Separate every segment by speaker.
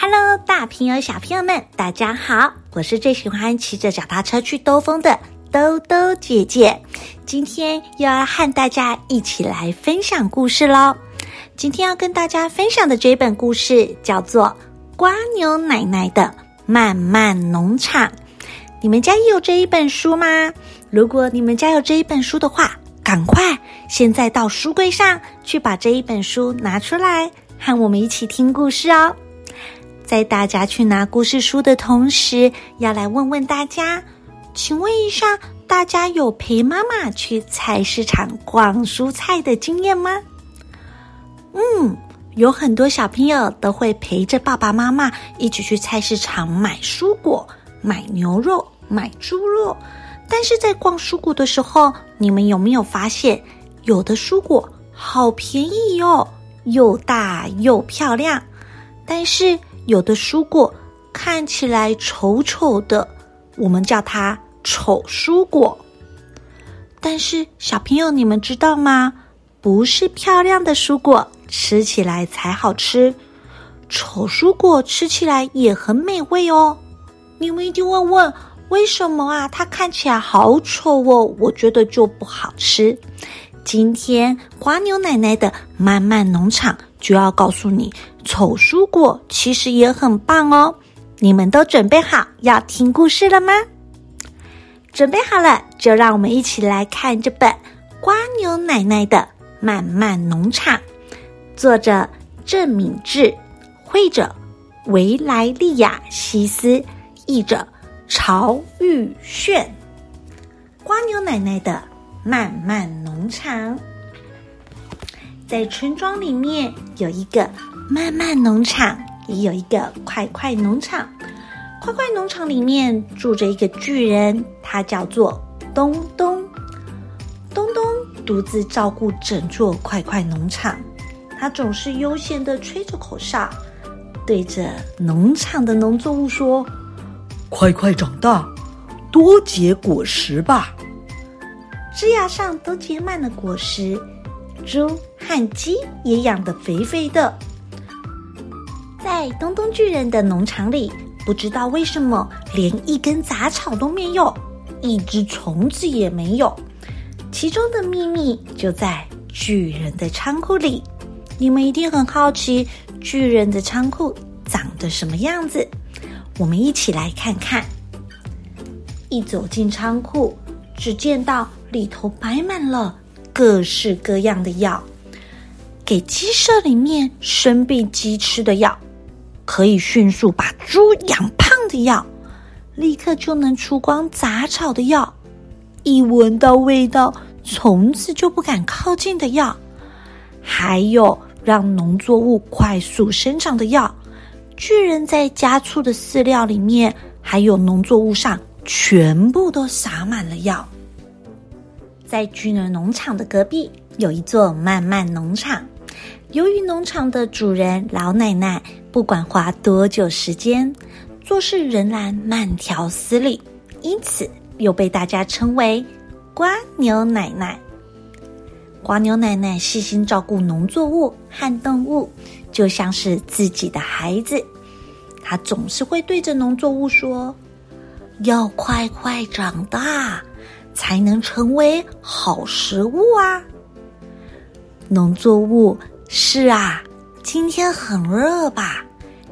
Speaker 1: Hello，大朋友、小朋友們，大家好！我是最喜歡騎着腳踏車去兜風的兜兜姐姐。今天又要和大家一起來分享故事嘍。今天要跟大家分享的這一本故事叫做《蝸牛奶奶的慢慢農場》。你們家也有這一本書嗎？如果你們家有這一本書的話，趕快現在到書櫃上去把這一本書拿出來，和我們一起聽故事哦。在大家去拿故事書的同時，要來問問大家，請問一下，大家有陪媽媽去菜市場逛蔬菜的經驗嗎？嗯，有很多小朋友都會陪着爸爸媽媽一起去菜市場買蔬果、買牛肉、買豬肉。但是在逛蔬果的時候，你們有沒有發現，有的蔬果好便宜喲、哦，又大又漂亮，但是，有的蔬果看起來醜丑的，我們叫它醜蔬果。但是小朋友，你們知道嗎？不是漂亮的蔬果吃起來才好吃，醜蔬果吃起來也很美味哦。你們一定問問為什麼啊？它看起來好醜哦，我覺得就不好吃。今天蝸牛奶奶的慢慢農場。就要告訴你，醜蔬果其實也很棒哦！你們都準備好要聽故事了嗎？準備好了，就讓我們一起來看這本《蝸牛奶奶的慢慢農場》，作者鄭敏智，繪者維萊利亞西斯，譯者曹玉炫，《蝸牛奶奶的慢慢農場》。在村莊裡面有一個慢慢農場，也有一個快快農場。快快農場裡面住着一個巨人，他叫做東東。東東獨自照顧整座快快農場，他總是悠閒地吹着口哨，對着農場的農作物說：“快快長大，
Speaker 2: 多結果實
Speaker 1: 吧！”枝芽上都結滿了果實，豬。看雞也養得肥肥的，在東東巨人的農場裡，不知道為什麼連一根雜草都沒有，一隻蟲子也沒有。其中的秘密就在巨人的倉庫裡。你們一定很好奇巨人的倉庫長得什麼樣子？我們一起來看看。一走進倉庫，只見到裡頭擺滿了各式各樣的藥。給雞舍裡面生病雞吃的藥，可以迅速把豬養胖的藥，立刻就能除光雜草的藥，一聞到味道，蟲子就不敢靠近的藥，還有讓農作物快速生長的藥。巨人在家畜的飼料裡面，還有農作物上，全部都撒滿了藥。在巨人農場的隔壁，有一座慢慢農場。由於農場的主人老奶奶不管花多久時間做事，仍然慢條斯理，因此又被大家稱為“蝸牛奶奶”。蝸牛奶奶細心照顧農作物和動物，就像是自己的孩子。她總是會對着農作物說：“要快快長大，才能成為好食物啊！”農作物。是啊，今天很熱吧？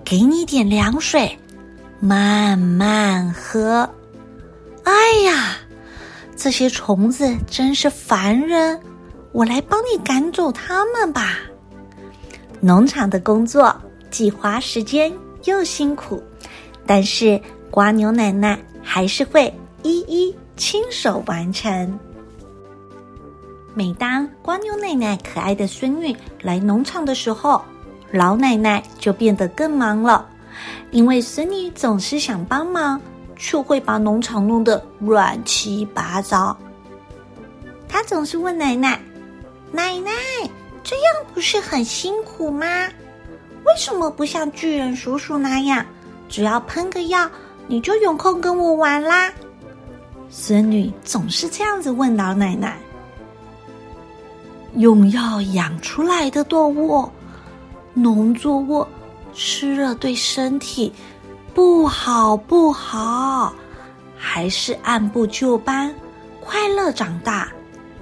Speaker 1: 給你點涼水，慢慢喝。哎呀，這些蟲子真是煩人！我來幫你趕走它們吧。農場的工作既花時間又辛苦，但是蝸牛奶奶還是會一一親手完成。每當蝸牛奶奶可愛的孫女來農場的時候，老奶奶就變得更忙了，因為孫女總是想幫忙，卻會把農場弄得亂七八糟。她總是問奶奶：“奶奶，這樣不是很辛苦嗎？為什麼不像巨人叔叔那樣，只要噴個藥，你就有空跟我玩啦？”孫女總是這樣子問老奶奶。用藥養出來的動物、農作物，吃了對身體不好不好，還是按部就班快樂長大，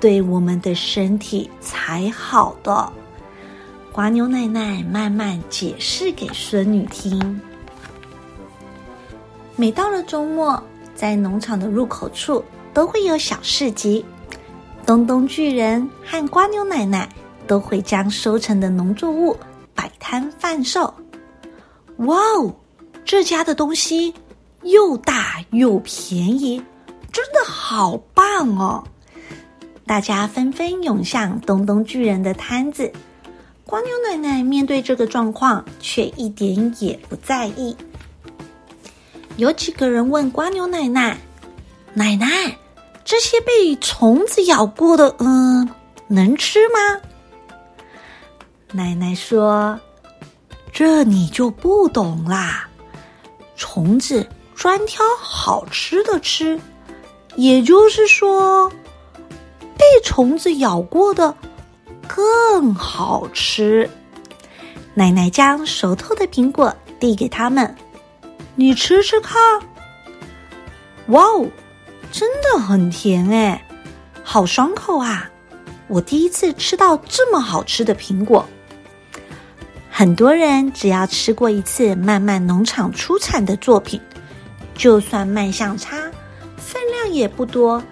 Speaker 1: 對我們的身體才好的。蝸牛奶奶慢慢解釋給孫女聽。每到了周末，在農場的入口處都會有小市集。東東巨人和蝸牛奶奶都會將收成的農作物擺攤販售。哇哦，這家的東西又大又便宜，真的好棒哦！大家紛紛湧向東東巨人的攤子。蝸牛奶奶面對這個狀況，卻一點也不在意。有幾個人問蝸牛奶奶：“奶奶？”這些被蟲子咬過的，嗯，能吃嗎？奶奶說：“這你就不懂啦！蟲子專挑好吃的吃，也就是說，被蟲子咬過的更好吃。”奶奶將熟透的蘋果遞給他們，你吃吃看。哇哦！真的很甜哎，好爽口啊！我第一次吃到這麼好吃的蘋果。很多人只要吃過一次慢慢農場出產的作品，就算賣相差，分量也不多，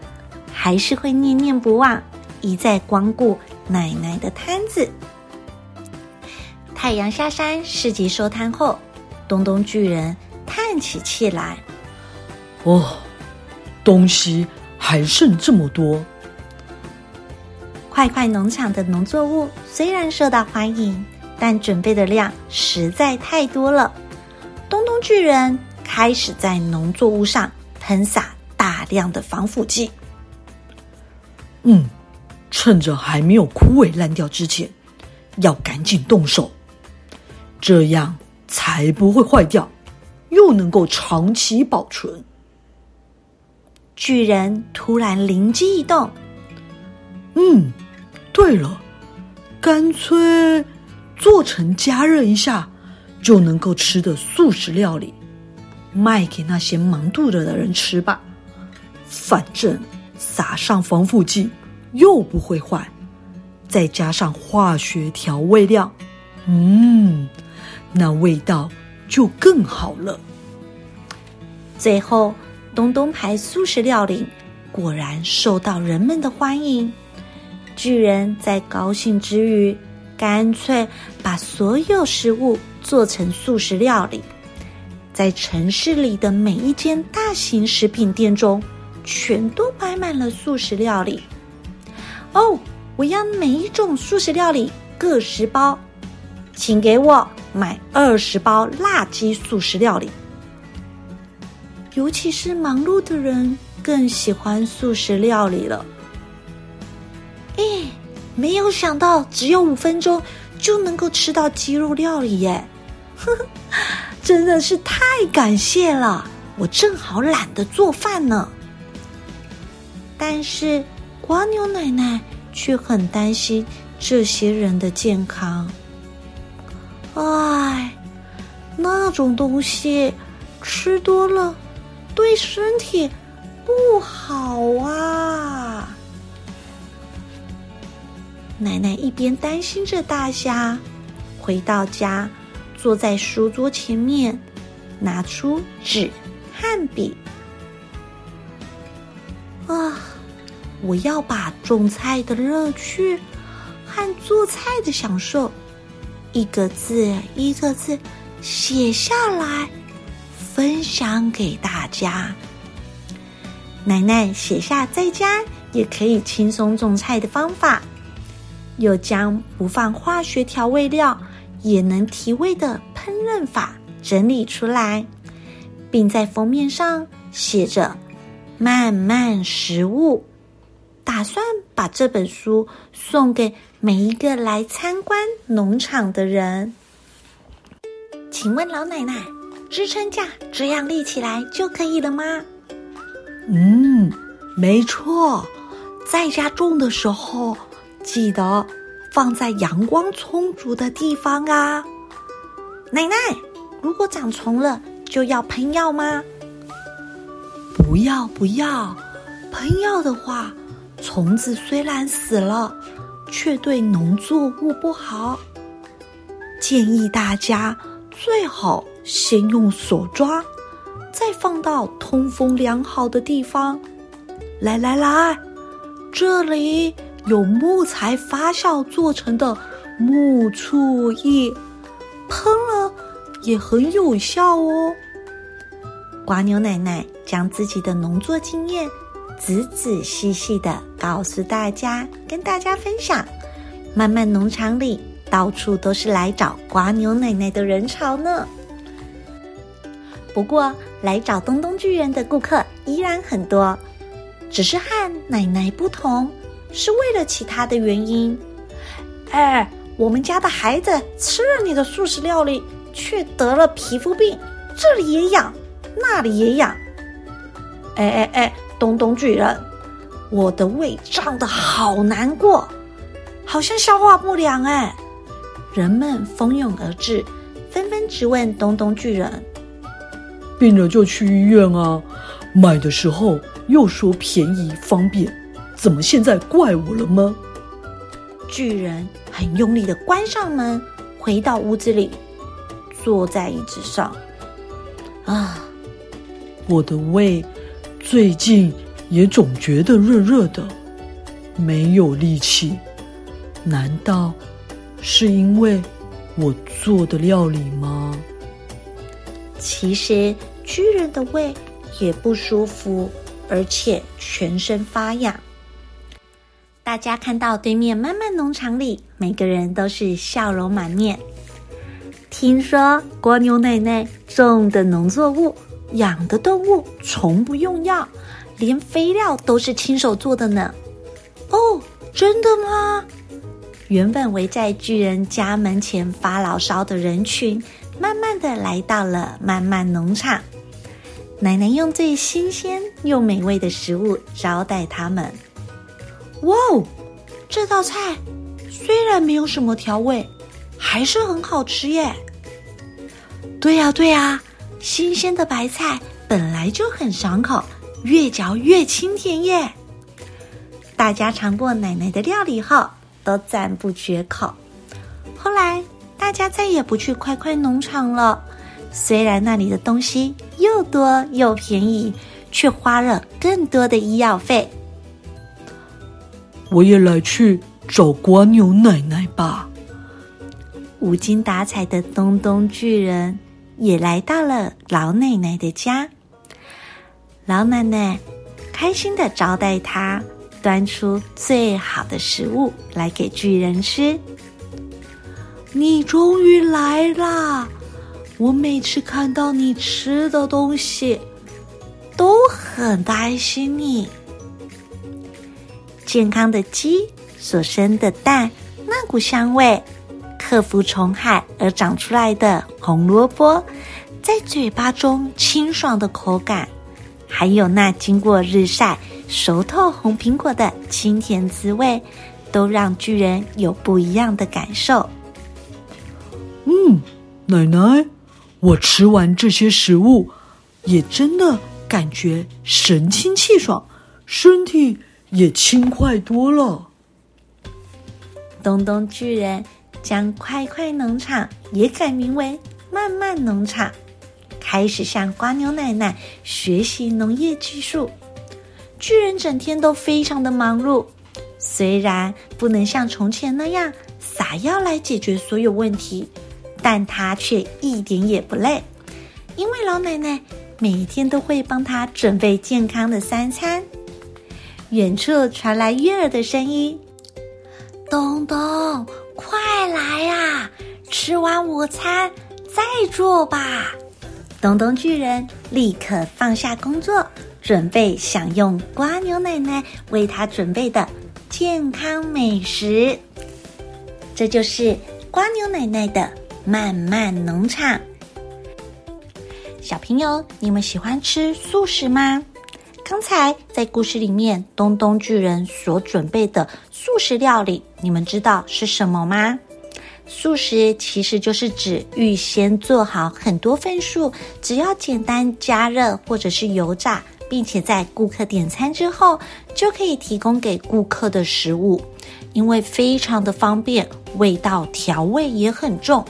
Speaker 1: 還是會念念不忘，一再光顧奶奶的攤子。太陽下山，市集收攤後，東東巨人嘆起氣來，哦。
Speaker 2: 東西還剩這麼多，
Speaker 1: 快快農場的農作物雖然受到歡迎，但準備的量實在太多了。東東巨人開始在農作物上噴灑大量的防腐劑。
Speaker 2: 嗯，趁着還沒有枯萎爛掉之前，要趕緊動手，這樣才不會壞掉，又能夠長期保存。巨人突然靈機一動，嗯，對了，乾脆做成加熱一下就能夠吃的速食料理，賣給那些忙肚子的人吃吧。反正撒上防腐劑又不會壞，再加上化學調味料，嗯，那味道
Speaker 1: 就更好了。最後。東東牌速食料理果然受到人們的歡迎。巨人在高興之餘，乾脆把所有食物做成速食料理。在城市裡的每一間大型食品店中，全都擺滿了速食料理。哦，我要每一種速食料理各十包，請給我買二十包辣雞速食料理。尤其是忙碌的人更喜歡素食料理了。哎，沒有想到只有五分鐘就能夠吃到雞肉料理耶！呵呵，真的是太感謝了。我正好懶得做飯呢。但是蝸牛奶奶卻很擔心這些人的健康。哎，那種東西吃多了，對身體不好啊！奶奶一邊擔心着大蝦，回到家坐在書桌前面，拿出紙和筆。啊，我要把種菜的樂趣和做菜的享受，一個字一個字寫下來。分享給大家。奶奶寫下在家也可以輕鬆種菜的方法，又將不放化學調味料也能提味的烹飪法整理出來，並在封面上寫着“慢慢食物”，打算把這本書送給每一個來參觀農場的人。請問老奶奶，支撐架這樣立起來就可以了嗎？嗯，沒錯。在家種的時候，記得放在陽光充足的地方啊。奶奶，如果長蟲了，就要噴藥嗎？不要不要，噴藥的話，蟲子雖然死了，卻對農作物不好。建議大家最好。先用手抓，再放到通風良好的地方。來來來，這裡有木材發酵做成的木醋液，噴了也很有效哦。蝸牛奶奶將自己的農作經驗仔仔細細的告訴大家，跟大家分享。慢慢農場裡到處都是來找蝸牛奶奶的人潮呢。不過，來找東東巨人的顧客依然很多，只是和奶奶不同，是為了其他的原因。哎，我們家的孩子吃了你的素食料理，卻得了皮膚病，這裡也癢，那裡也癢。哎哎哎，東東巨人，我的胃脹得好難過，好像消化不良哎。人們蜂擁而至，紛紛質問東東巨人。病了就去醫院啊！買的時候
Speaker 2: 又說便宜方便，怎麼現在怪我了嗎？巨
Speaker 1: 人很用力的關上門，回到屋子裡，坐在椅子上。
Speaker 2: 啊，我的胃最近也總覺得熱熱的，沒有力氣，難道是因為我做的料理嗎？
Speaker 1: 其實。巨人的胃也不舒服，而且全身發癢。大家看到對面慢慢農場裡，每個人都是笑容滿面。聽說蝸牛奶奶種的農作物、養的動物從不用藥，連肥料都是親手做的呢。哦，真的嗎？原本圍在巨人家門前發牢騷的人群。慢慢的來到了慢慢農場，奶奶用最新鮮又美味的食物招待他們。哇哦，這道菜雖然沒有什麼調味，還是很好吃耶！對呀對呀，新鮮的白菜本來就很爽口，越嚼越清甜耶！大家嘗過奶奶的料理後，都讚不絕口。後來。大家再也不去快快農場了。雖然那裡的東西又多又便宜，卻花了更多的醫藥費。
Speaker 2: 我也來去找蝸牛
Speaker 1: 奶奶吧。無精打采的東東巨人也來到了老奶奶的家。老奶奶開心的招待他，端出最好的食物來給巨人吃。你終於來啦！我每次看到你吃的東西，都很擔心你。健康的雞所生的蛋，那股香味；克服蟲害而長出來的紅蘿蔔，在嘴巴中清爽的口感；還有那經過日曬熟透紅蘋果的清甜滋味，都讓巨人有不一樣的感受。嗯，奶奶，我
Speaker 2: 吃完這些食物，也真的感覺神清氣爽，
Speaker 1: 身體也輕快多了。東東巨人將快快農場也改名為慢慢農場，開始向蝸牛奶奶學習農業技術。巨人整天都非常的忙碌，雖然不能像從前那樣撒藥來解決所有問題。但他卻一點也不累，因為老奶奶每天都會幫他準備健康的三餐。遠處傳來月兒的聲音：“東東，快來呀，啊！吃完午餐再做吧。”東東巨人立刻放下工作，準備享用蝸牛奶奶為他準備的健康美食。這就是蝸牛奶奶的。慢慢農場，小朋友，你們喜歡吃速食嗎？剛才在故事裡面，東東巨人所準備的速食料理，你們知道是什麼嗎？速食其實就是指預先做好很多份數，只要簡單加熱或者是油炸，並且在顧客點餐之後就可以提供給顧客的食物，因為非常的方便，味道調味也很重。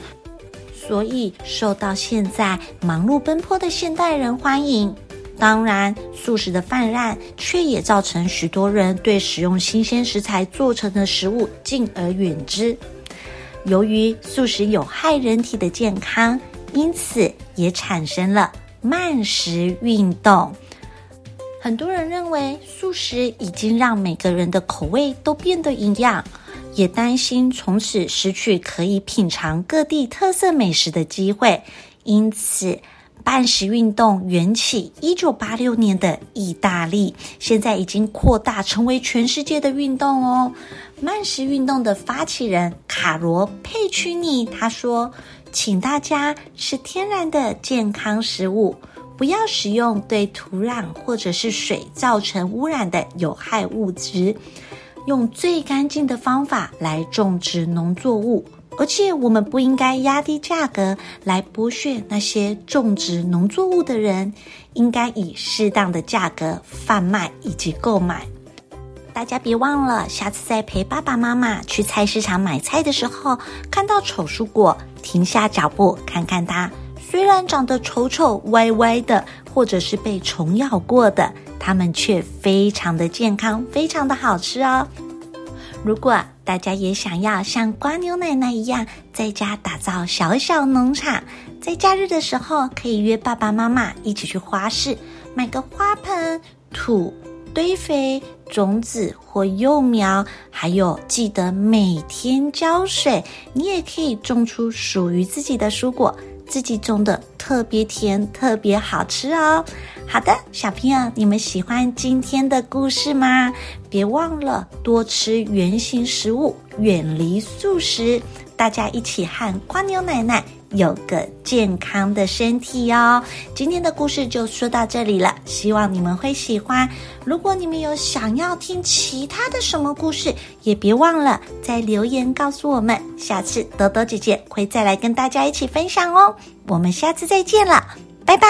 Speaker 1: 所以受到現在忙碌奔波的現代人歡迎。當然，速食的氾濫卻也造成許多人對使用新鮮食材做成的食物敬而遠之。由於速食有害人體的健康，因此也產生了慢食運動。很多人認為速食已經讓每個人的口味都變得一樣。也擔心從此失去可以品嘗各地特色美食的機會，因此，慢食運動緣起一九八六年的意大利，現在已經擴大成為全世界的運動哦。慢食運動的發起人卡羅佩屈尼他說：“請大家吃天然的健康食物，不要使用對土壤或者是水造成污染的有害物質。”用最乾淨的方法來種植農作物，而且我們不應該壓低價格來剝削那些種植農作物的人，應該以適當的價格販賣以及購買。大家別忘了，下次再陪爸爸媽媽去菜市場買菜的時候，看到醜蔬果，停下腳步看看它。雖然長得醜醜歪歪的，或者是被蟲咬過的，它們卻非常的健康，非常的好吃哦。如果大家也想要像蝸牛奶奶一樣，在家打造小小農場，在假日的時候可以約爸爸媽媽一起去花市，買個花盆、土、堆肥、種子或幼苗，還有記得每天澆水，你也可以種出屬於自己的蔬果。自己種的特別甜，特別好吃哦。好的，小朋友，你們喜歡今天的故事嗎？別忘了多吃原型食物，遠離速食。大家一起喊蝸牛奶奶。有個健康的身體哦。今天的故事就說到這裡了，希望你們會喜歡。如果你們有想要聽其他的什麼故事，也別忘了在留言告訴我們，下次兜兜姐姐會再來跟大家一起分享哦。我們下次再見了，拜拜。